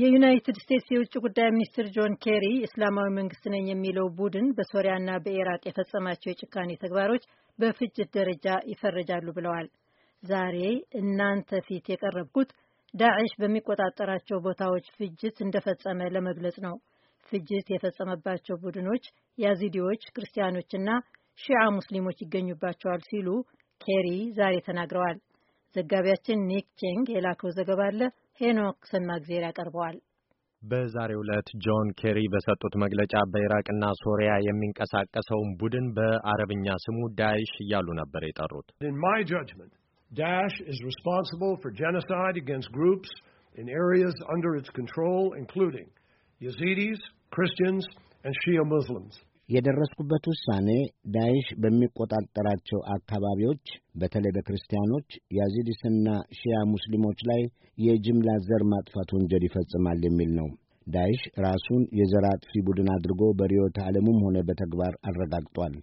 የዩናይትድ ስቴትስ የውጭ ጉዳይ ሚኒስትር ጆን ኬሪ እስላማዊ መንግስት ነኝ የሚለው ቡድን በሶሪያና በኢራቅ የፈጸማቸው የጭካኔ ተግባሮች በፍጅት ደረጃ ይፈረጃሉ ብለዋል። ዛሬ እናንተ ፊት የቀረብኩት ዳዕሽ በሚቆጣጠራቸው ቦታዎች ፍጅት እንደፈጸመ ለመግለጽ ነው። ፍጅት የፈጸመባቸው ቡድኖች ያዚዲዎች፣ ክርስቲያኖችና ሺዓ ሙስሊሞች ይገኙባቸዋል ሲሉ ኬሪ ዛሬ ተናግረዋል። ዘጋቢያችን ኒክ ቼንግ የላከው ዘገባ አለ ሄኖክ ሰማእግዜር ቀርበዋል። በዛሬው ዕለት ጆን ኬሪ በሰጡት መግለጫ በኢራቅና ሶሪያ የሚንቀሳቀሰውን ቡድን በአረብኛ ስሙ ዳይሽ እያሉ ነበር የጠሩት። ኢን ማይ ጃጅመንት ዳሽ ኢዝ ሪስፖንሲብል ፎር ጄኖሳይድ አጌንስት ግሩፕስ ኢን ኤሪያስ አንደር ኢትስ ኮንትሮል ኢንክሉዲንግ የዚዲስ ክርስቲያንስ ሺያ ሙስሊምስ የደረስኩበት ውሳኔ ዳይሽ በሚቆጣጠራቸው አካባቢዎች በተለይ በክርስቲያኖች፣ ያዚዲስና ሺያ ሙስሊሞች ላይ የጅምላ ዘር ማጥፋት ወንጀል ይፈጽማል የሚል ነው። ዳይሽ ራሱን የዘር አጥፊ ቡድን አድርጎ በርዕዮተ ዓለሙም ሆነ በተግባር አረጋግጧል።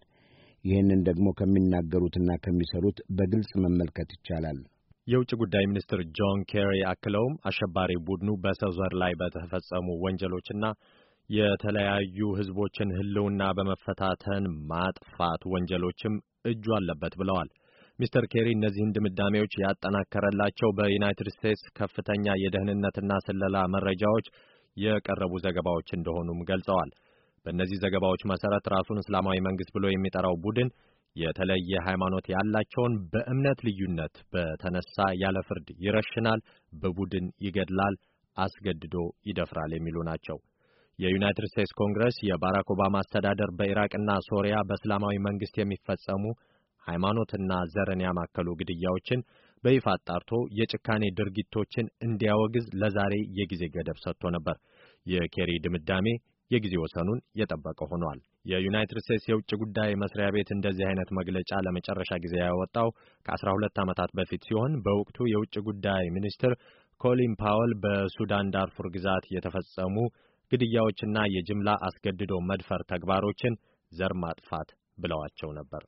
ይህንን ደግሞ ከሚናገሩትና ከሚሰሩት በግልጽ መመልከት ይቻላል። የውጭ ጉዳይ ሚኒስትር ጆን ኬሪ አክለውም አሸባሪ ቡድኑ በሰው ዘር ላይ በተፈጸሙ ወንጀሎችና የተለያዩ ህዝቦችን ህልውና በመፈታተን ማጥፋት ወንጀሎችም እጁ አለበት ብለዋል። ሚስተር ኬሪ እነዚህን ድምዳሜዎች ያጠናከረላቸው በዩናይትድ ስቴትስ ከፍተኛ የደህንነትና ስለላ መረጃዎች የቀረቡ ዘገባዎች እንደሆኑም ገልጸዋል። በእነዚህ ዘገባዎች መሰረት ራሱን እስላማዊ መንግስት ብሎ የሚጠራው ቡድን የተለየ ሃይማኖት ያላቸውን በእምነት ልዩነት በተነሳ ያለ ፍርድ ይረሽናል፣ በቡድን ይገድላል፣ አስገድዶ ይደፍራል የሚሉ ናቸው። የዩናይትድ ስቴትስ ኮንግረስ የባራክ ኦባማ አስተዳደር በኢራቅና ሶሪያ በእስላማዊ መንግስት የሚፈጸሙ ሃይማኖትና ዘርን ያማከሉ ግድያዎችን በይፋ አጣርቶ የጭካኔ ድርጊቶችን እንዲያወግዝ ለዛሬ የጊዜ ገደብ ሰጥቶ ነበር። የኬሪ ድምዳሜ የጊዜ ወሰኑን የጠበቀ ሆኗል። የዩናይትድ ስቴትስ የውጭ ጉዳይ መስሪያ ቤት እንደዚህ አይነት መግለጫ ለመጨረሻ ጊዜ ያወጣው ከ12 ዓመታት በፊት ሲሆን በወቅቱ የውጭ ጉዳይ ሚኒስትር ኮሊን ፓወል በሱዳን ዳርፉር ግዛት የተፈጸሙ ግድያዎችና የጅምላ አስገድዶ መድፈር ተግባሮችን ዘር ማጥፋት ብለዋቸው ነበር።